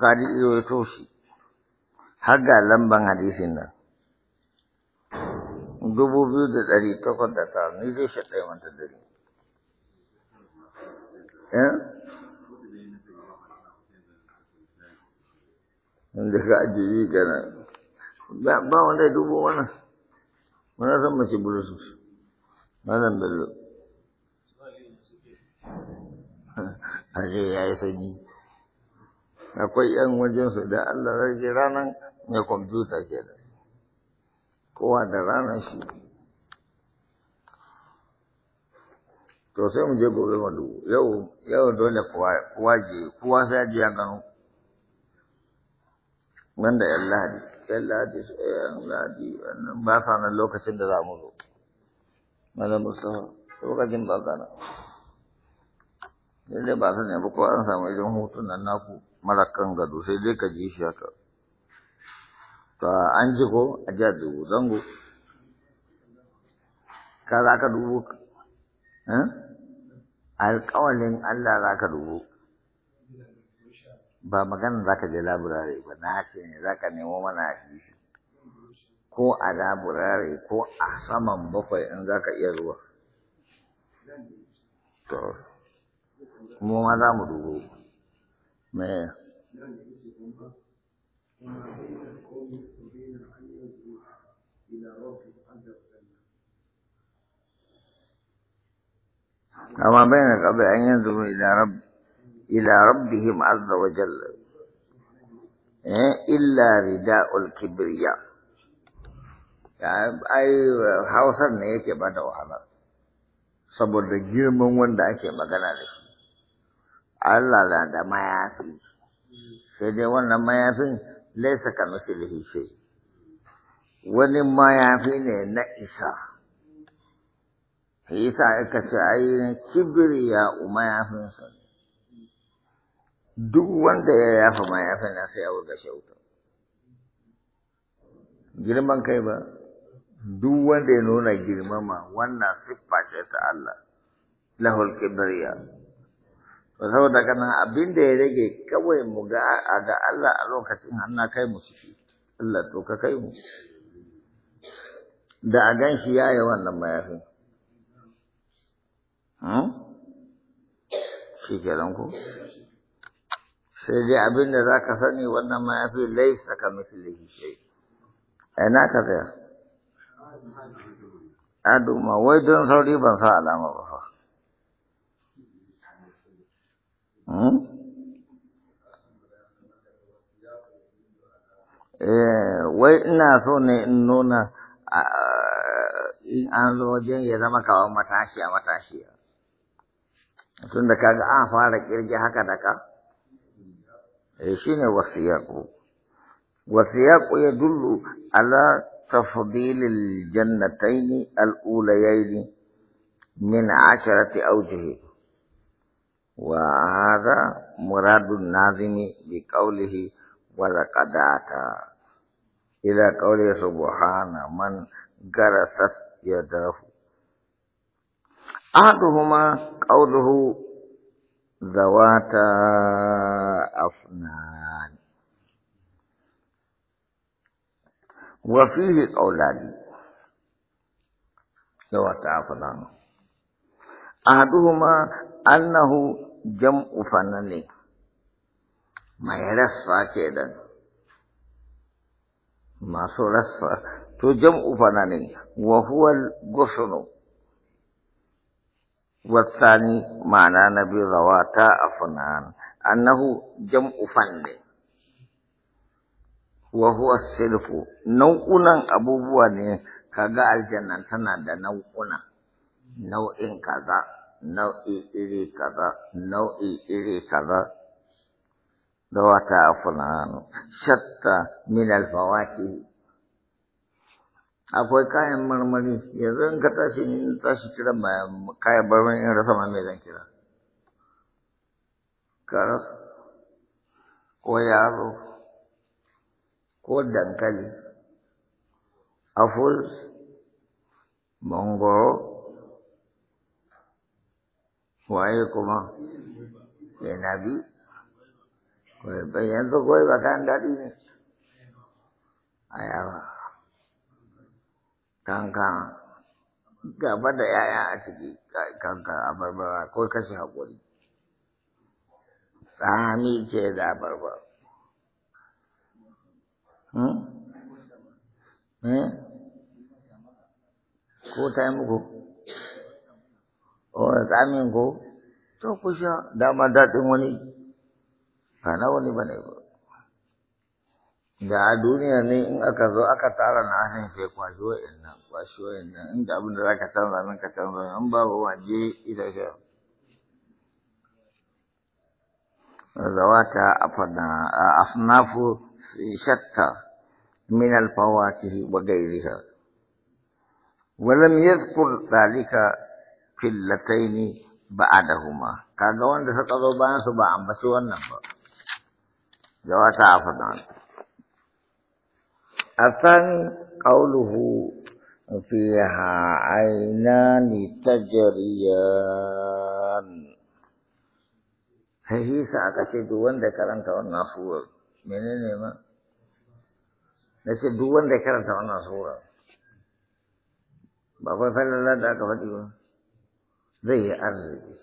Bukhari har ga lamban hadisin nan. Dubu biyu da ɗari takwas da tara, ni zai dare. Wanda ka ajiye gana. Ba wanda ya wannan. mace Bello. Ashe ya yi sanyi. akwai yan wajensu da Allah rage ranar mai kwamfuta ke da kowa da ranar shi to sai mu je gobe mu dubu yau yau dole kowa je kowa sai je ya gano da yan ladi yan ladi su yan lahadi ba sa nan lokacin da za mu zo malam musamman lokacin ba kana lallai ba sa ne ba kowa an samu irin hutun nan naku mara kan gado sai dai ka ji shi haka to an ji ko a ji dubu zango ka za ka dubu eh? alƙawalin Allah za ka dubu ba magana za ka je laburare ba na ce ne za ka nemo mana hadisi ko a laburare ko a saman bakwai in za ka iya zuwa to mu ma za mu dubu ما وما بين قبل أن ينظروا إلى رب إلى ربهم عز وجل إلا رداء الكبرياء يعني أي حوصل نيك بعد وحنا saboda girman wanda ake magana da shi Allah na da mayafi sai dai wannan mayafin laisa ka da shay wani mayafi ne na isa isa aka ce ai u mayafin sa duk wanda ya yafa mayafin na sai ya wuga shauta girman kai ba duk wanda ya nuna girmama wannan siffa ce ta Allah lahul ya. saboda kana abin da ya rage kawai mu ga a ga Allah a lokacin hannu kai mu ciki Allah to ka kai mu da a gan shi yayi wannan mayafi, hmm? shi kenan ko sai dai abin da za ka sani wannan mayafi laisa ka mislihi sai? A ina ka tsaya ma wai don sauri ban sa alama ba fa wai ina so ne in nuna in an zo wajen ya zama kawan matashiya matashiya tun da kaga an fara kirge haka da ka eh shine wasiyaqu wasiyaqu yadullu ala تفضيل الجنتين الأوليين من عشرة أوجه وهذا مراد الناظم بقوله ولقد أتى إلى قوله سبحانه من جرست يداه أحدهما قوله ذوات أفنان وفيه قولان ذوات أفنان أحدهما أنه jam’u ne mai rassa ke da masu rassa to jam’u fannane wahuwar gusuno wasani ma'ana na bi rawa ta afinan annahu jam’u fannane wahuwar silfo nau’unan abubuwa ne kaga aljannan tana da nau’una nau’in kaza. nau'i iri kaza nau'i iri kaza da wata afulan shatta min alfawaki akwai kayan marmari yanzu in ka tashi ni in tashi kira kayan marmari in rasa ma me zan kira karas ko yaro ko dankali aful mangoro waye kuma ya nabi yanzu kawai ba kayan daɗi ne a yawa kanka gaba da yaya a ciki kanka a barbara ko kashe haƙuri tsami ce da barbara ko ta yi muku Wani tsamin ko to ku sha dama daɗin wani ba na wani ba ne ba da a duniya ne in aka zo aka tara na hannun kai kwashi wa'in nan kwashi wa'in nan inda abin da za ka canza nan ka canza in babu waje ita sha zawata afnafu shatta من الفواكه وغيرها ولم يذكر ذلك fillataini ba'adahuma kaga wanda suka zo bayan su ba ambaci wannan ba jawata afadan asan qauluhu fiha aynani tajriyan sai sa aka ce duk wanda karanta wannan sura menene ma na ce duk wanda karanta wannan sura ba fa falalla da aka faɗi ba zai yi arziki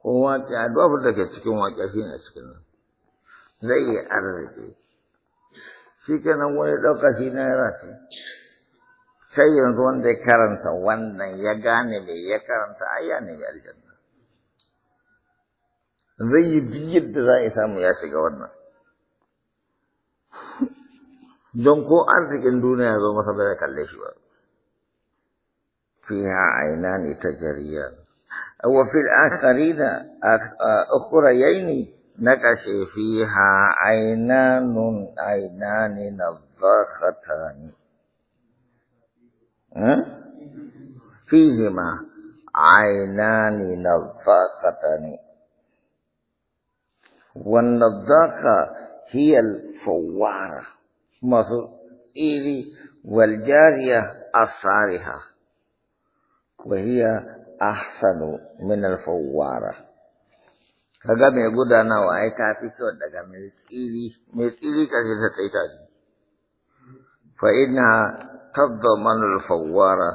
ko waƙiya duk abin da ke cikin waƙiya shi ne cikin nan zai yi arziki shi kenan wani ɗaukaci na yara ce sai yanzu wanda ya karanta wannan ya gane me ya karanta ai ya nemi aljanna zai yi duk yadda za a samu ya shiga wannan don ko arzikin duniya ya zo masa ba zai kalle shi ba فيها عينان تجريان وفي الآخرين أخريين نقش فيها عينان عينان نضاختان فيهما عينان نضاختان والنضاقة هي الفوارة مثل إيري والجارية الصارحة وهي أحسن min alfawara, kaga mai gudanawa ai ta fi kyau daga mai tsiri mai tsiri kaje ta kai ta ji fa ina tadmanu al alfawara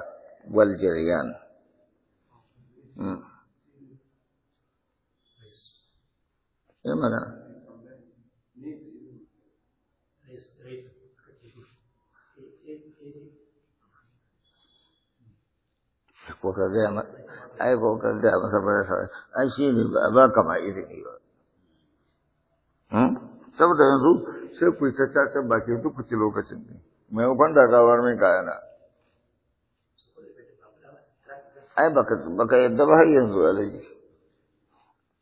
wal jiryan hmm. ko ka gaya ma ai ko ka gaya masa ba sa ai shi ne ba ba ka ma izini ba hmm? saboda yanzu sai ku ta caca baki duk ku ci lokacin ne mai kwan da gawar min kayana ai baka baka yadda ba har yanzu alaji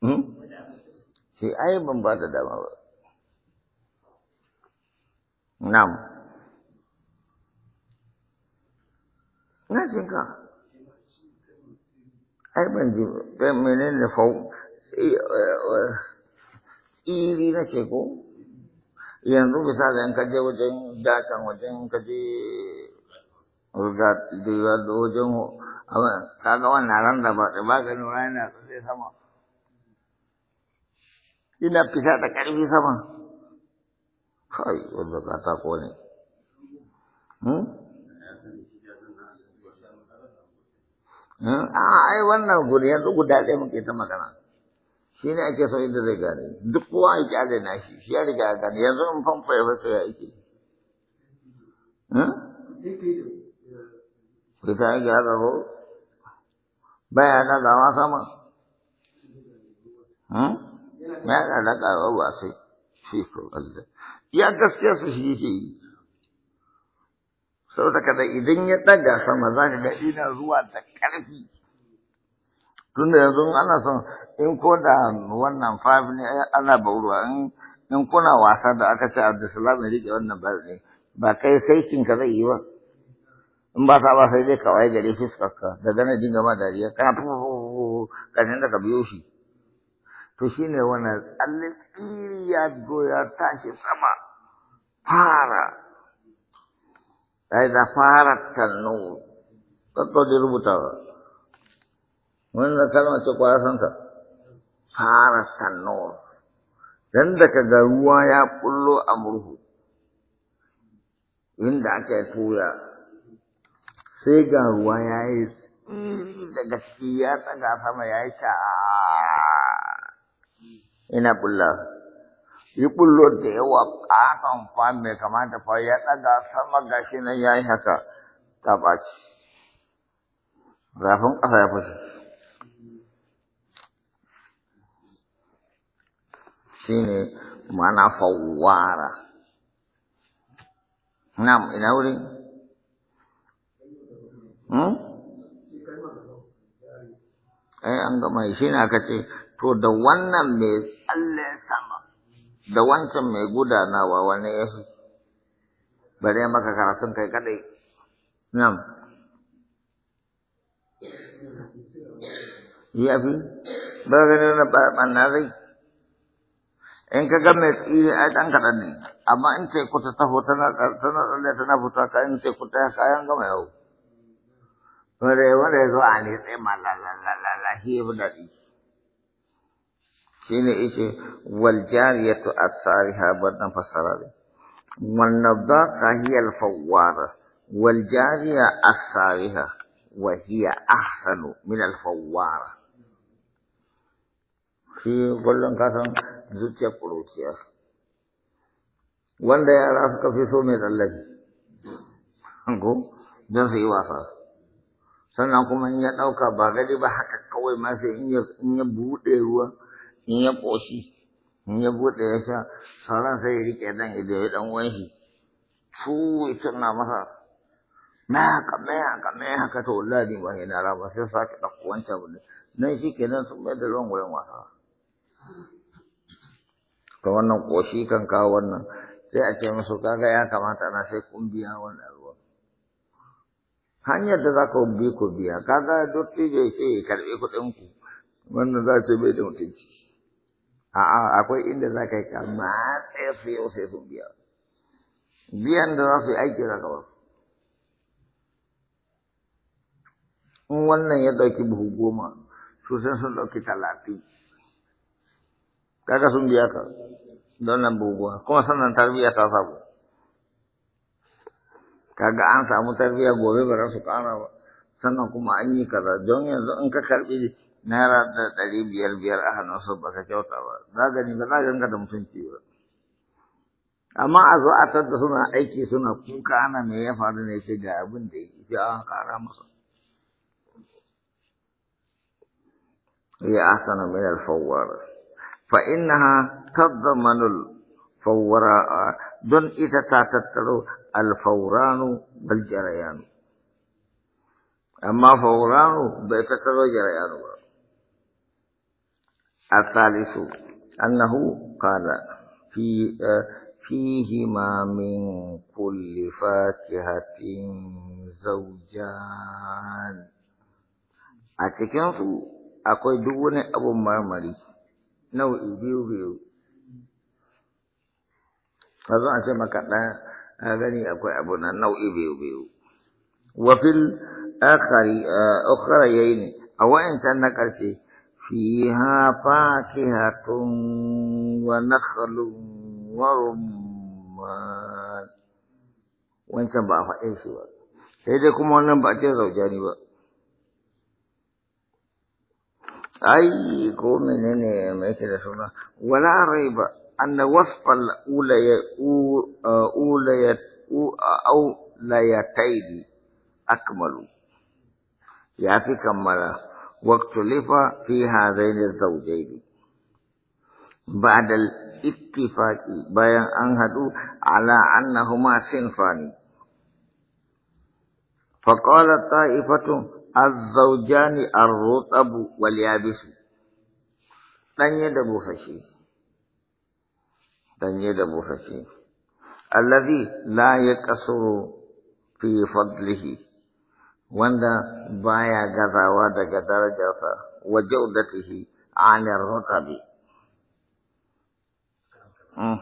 hmm? sai ai ban ba da dama ba na'am na jinka ai ban ji kai menene fau eh, eh, eh, iri nake ko yanzu misali sa zan kaje wajen dakan wajen kaje je ruga da wajen ga wannan ran da ba ba ga nuna yana sai sama ina fita da karfi sama kai wanda ka ta kone hmm? Hmm? Ah, ai wannan guri yanzu guda ɗaya muke ta magana shi ne ake son inda zai gane duk kowa ya kyale na shi shi ya riga ya gane yanzu in famfa ya fasa ya ake hmm? fita ya gyara ya baya ɗagawa sama hmm? ya ɗaga wa ba sai shi ko Allah ya su shi yake yi sau kada idan ya daga sama za ka ga ina zuwa da ƙarfi tun yanzu ana son in ko da wannan fafi ne eh, ana bauruwa in in kuna wasa da aka ce Abdulsalam ya rike wannan ba ne ba kai saikin ka zai yi ba in ba sa ba sai dai kawai gare ka da gane dinga ma dariya kana tuhu kanin da ka biyo shi to shine wannan tsalle tsiri ya goya tashi sama fara ai da fara tannu kakko da rubuta wannan kalma ce kwaya santa fara tannu dan da kaga ruwa ya kullo a murhu inda aka tuya sai ga ruwa ya yi da gaskiya tsaga sama ya yi ta, ina bulla shi kullo da yawa katon fa mai kamata fa ya ɗaga sama ga shi nan ya yi haka ta ɓaci zafin ƙasa ya fashe shi ne mana fawara Na ina wuri ai hmm? eh, an gama shi ne aka ce to da wannan mai tsalle sama da wancan mai gudanawa wani ya fi ba zai maka karatun kai kadai nan ya fi ba gani na ɓanna zai in ka ga mai tsiri ai ɗan kaɗan ne amma in teku ta taho tana tsalle tana fita ka in teku ta kayan gama yau wanda ya zo a ne tsaye ma la la shi ya fi daɗi shine yace wal jariyatu as-sariha badan fasara ne wan nadaka hiya al-fawwara wal jariya as-sariha wa hiya ahsanu min al-fawwara shi kullum ka san zuciyar kuruciya wanda yara suka fi so mai tsallaki ko don su yi wasa sannan kuma in ya ɗauka ba gari ba haka kawai ma sai in ya buɗe ruwa in ya ƙoshi in ya buɗe ya sha sauran sai ya riƙe dan ido ya ɗan uwan shi su na masa na haka mai haka mai haka to wallahi ba yana ba sai sake ɗauko wancan abu nan shi nan sun mai da ruwan wurin wasa Ka wannan ƙoshi kan kawo wannan sai a ce musu kaga ya kamata na sai kun biya wannan ruwan hanyar da za ka bi ku biya kaga dottijo sai ya karɓi kuɗin ku wannan za ce bai da mutunci a'a akwai inda za ka yi ka matse su yau sai sun biya biyan da za su yi aiki za ka ba in wannan ya ɗauki buhu goma su sai sun ɗauki talatin Kaka sun biya ka don nan buhu goma kuma sannan tarbiyya ta samu kaga an samu tarbiyya gobe ba za su ƙara ba sannan kuma an yi kaza don yanzu in ka karɓi نهار تالي بيال بيال أهان وصبا كتوتا داغا نيبا داغا نقدم فنشي أما أزو أتت سنة أيكي سنة كوكا أنا مي فارن أيكي جابن دي في آخر مصر هي أحسن من الفوار فإنها تضمن الفوراء دون إذا تتلو الفوران بالجريان أما فوران بيتتلو جريان بقى. الثالث أنه قال في فيهما من كل فاكهة زوجان أتكنسو أكوي دون أبو مرمري نو إبيو بيو kazo a ce maka ɗan gani akwai abu nan nau'i biyu biyu wafil akhari eh, ukhra ne, a wayancan na ƙarshe فيها فاكهة ونخل ورمان وين سبع فاكهة سيدكم وانا بأتي روجاني بقى أي كون هنا ما يتدسونا ولا ريب أن وصف الأولى أولى أو لا يتيدي أكمل يا في كمالا واختلف في هذين الزوجين بعد الاتفاق بيان أنهدوا على أنهما صنفان فقال طائفة الزوجان الرطب واليابس لن يدبوا فشي لن يدبوا فشي الذي لا يقصر في فضله wanda baya gazawa daga darajarsa wa jaudatihi anil rutabi hmm.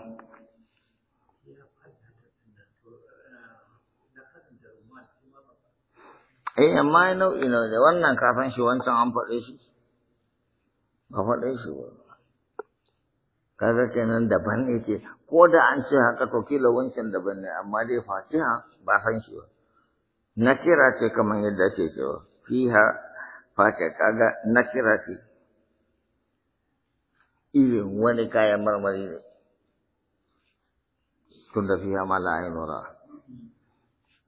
Eh amma nau'i na da wannan kafin shi wancan an faɗe shi ba faɗe shi ba kaga kenan daban ne ke ko da an ce haka to kila wancan daban ne amma dai fatiha ba san shi ba nakira ce kamar yadda ake cewa fiha face kaga nakira ce irin wani kayan marmari ne tun da fiha ma la nura.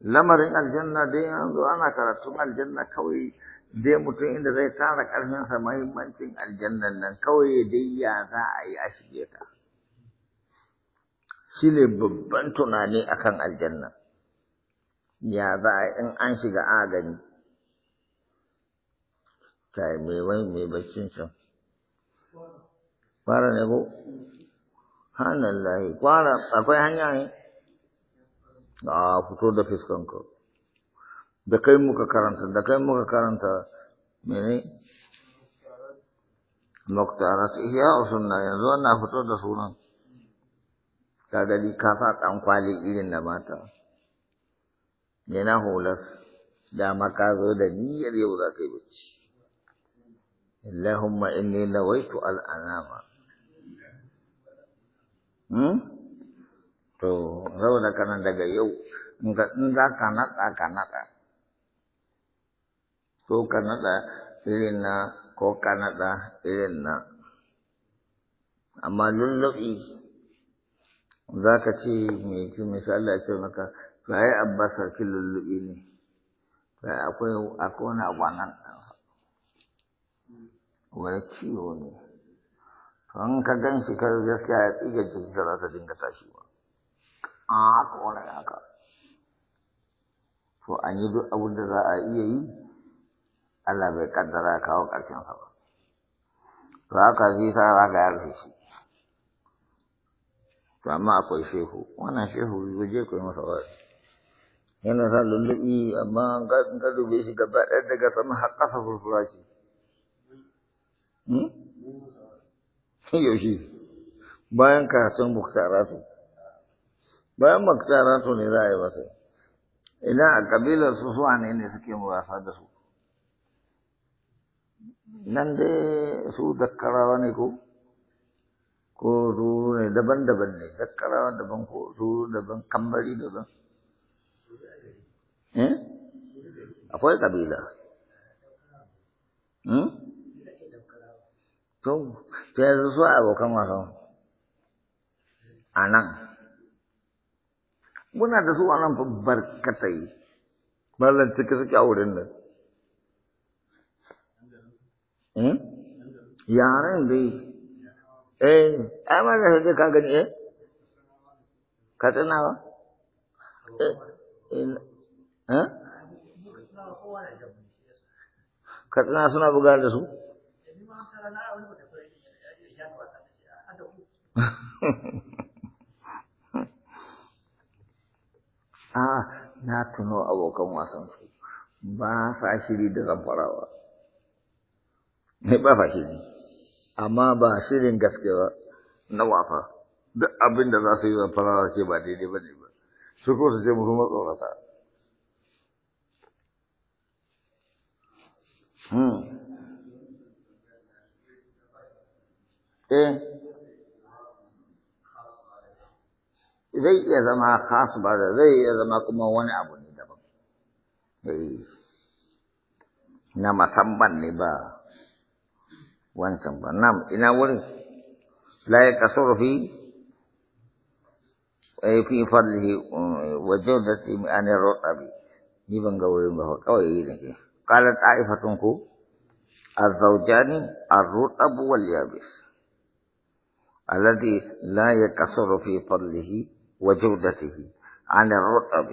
lamarin aljanna dai an zo ana karatun aljanna kawai dai mutum inda zai tara ƙarfinsa mahimmancin aljanna nan kawai dai ya za a yi a shige ta shi ne babban tunani akan aljanna ya za a in an shiga agani yi mai mai baccin can fara ne ko hannun lahi kwara akwai hanya ne a fito da fiskanka da kai muka karanta da kai muka karanta mene muktarat wasu na yanzu ana fito da sunan ka gani ka sa kwali irin da mata ne na hular dama ka zo da niyyar yau za ka yi bacci Allahumma inni nawaitu al'anama hmm? to zauna kanan daga yau in za ka naɗa ka naɗa ko ka naɗa irin na ko ka naɗa irin na amma lulluɓi za ka ce mai misali a ce maka to ai abba sarkin lullubi ne to akwai akwai wani abu nan wani ciwo ne to in ka gan shi kai gaskiya ya tsige jiki ka za ta dinga tashi ba a kone haka to an yi duk abin da za a iya yi Allah bai kaddara kawo ƙarshen sa ba to haka zai sa za ka yarfe shi to amma akwai shehu wannan shehu zai je ku yi masa wa'azi yana sa lullubi amma an ka dube shi gaba ɗaya daga sama har ƙasa furfura ce hmm? yaushe bayan karatun muktaratu bayan muktaratu ne za a yi masa. ina a ƙabilar su suwa ne ne suke wasa da su nan dai su dakkarawa ne ko ko su ne daban-daban ne dakkarawa daban ko su daban kambari daban akwai kabila to to yanzu su abokan wasan a nan muna da su a nan barkatai mallan cikin suke a wurin nan yaren dai eh ai ma da shi ka gani eh ka tsinawa eh eh katsina suna buga da su a ah, na tuno abokan wasan su ba sa shiri da zamfarawa ne eh, ba sa shiri amma ba shirin gaske ba na wasa duk abin da za su yi zamfarawa ce ba daidai ba ne ba su ko su je musu tsorata. Hmm. Eh. zai iya zama khas ba zai iya zama kuma wani abu ne daban na musamman ne ba wancan ba Na ina wurin la ya kasuru fi ay fi fadlihi wa jawdati an ar-rutabi ni ban ga wurin ba kawai yi ke. qalat aifatun ku azawjani ar-rutab wal yabis alladhi la yakasuru fi fadlihi wa jawdatihi an ar-rutab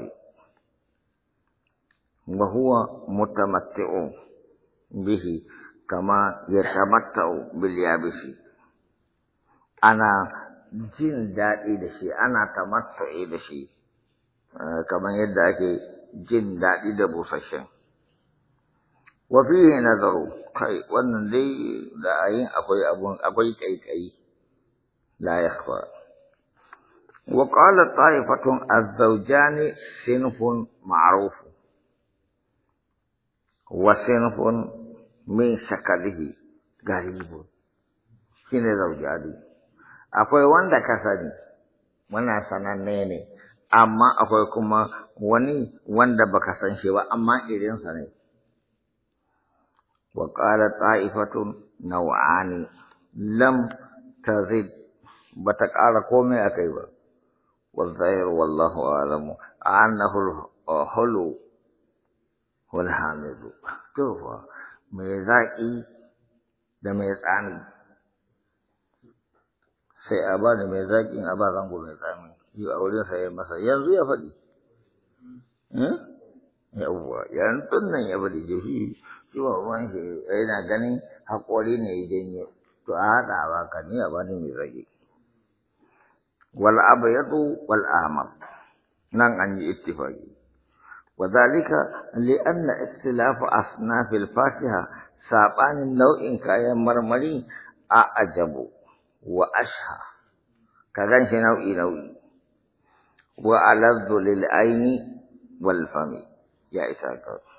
wa huwa mutamatti'u bihi kama yatamatta'u bil yabis ana jin dadi da shi ana tamattu'i da shi kamar yadda ake jin dadi da busashen. wa fihi nazaru kai wannan dai da ayin akwai abun akwai kaikai la yakhfa wa qala ta'ifatun az sinfun ma'ruf wa sinfun min shakalihi garibu shine zawjadi akwai wanda ka sani muna sananne ne amma akwai kuma wani wanda baka san shi ba amma irinsa ne وقال طائفة نوعان لم تزد بتقال قومي أكيبا والظاهر والله أعلم أنه الحلو والحامد شوف ميزاكي da me tsami sai a ba da mai zaƙin a ba zango mai tsami yi a wurin masa yanzu ya faɗi yawwa yan tunnan ya bari jihi zuwa ruwan shi yana ganin haƙori ne idan ya to a haɗa ba ka ni bani mai rage wal abayadu wal amal nan an yi ittifaki wa zalika li anna ikhtilafu asnafil fatiha sabanin nau'in kayan marmari a ajabu wa asha ka gan shi nau'i nau'i wa alazdu lil aini wal fami Yeah, it's all good.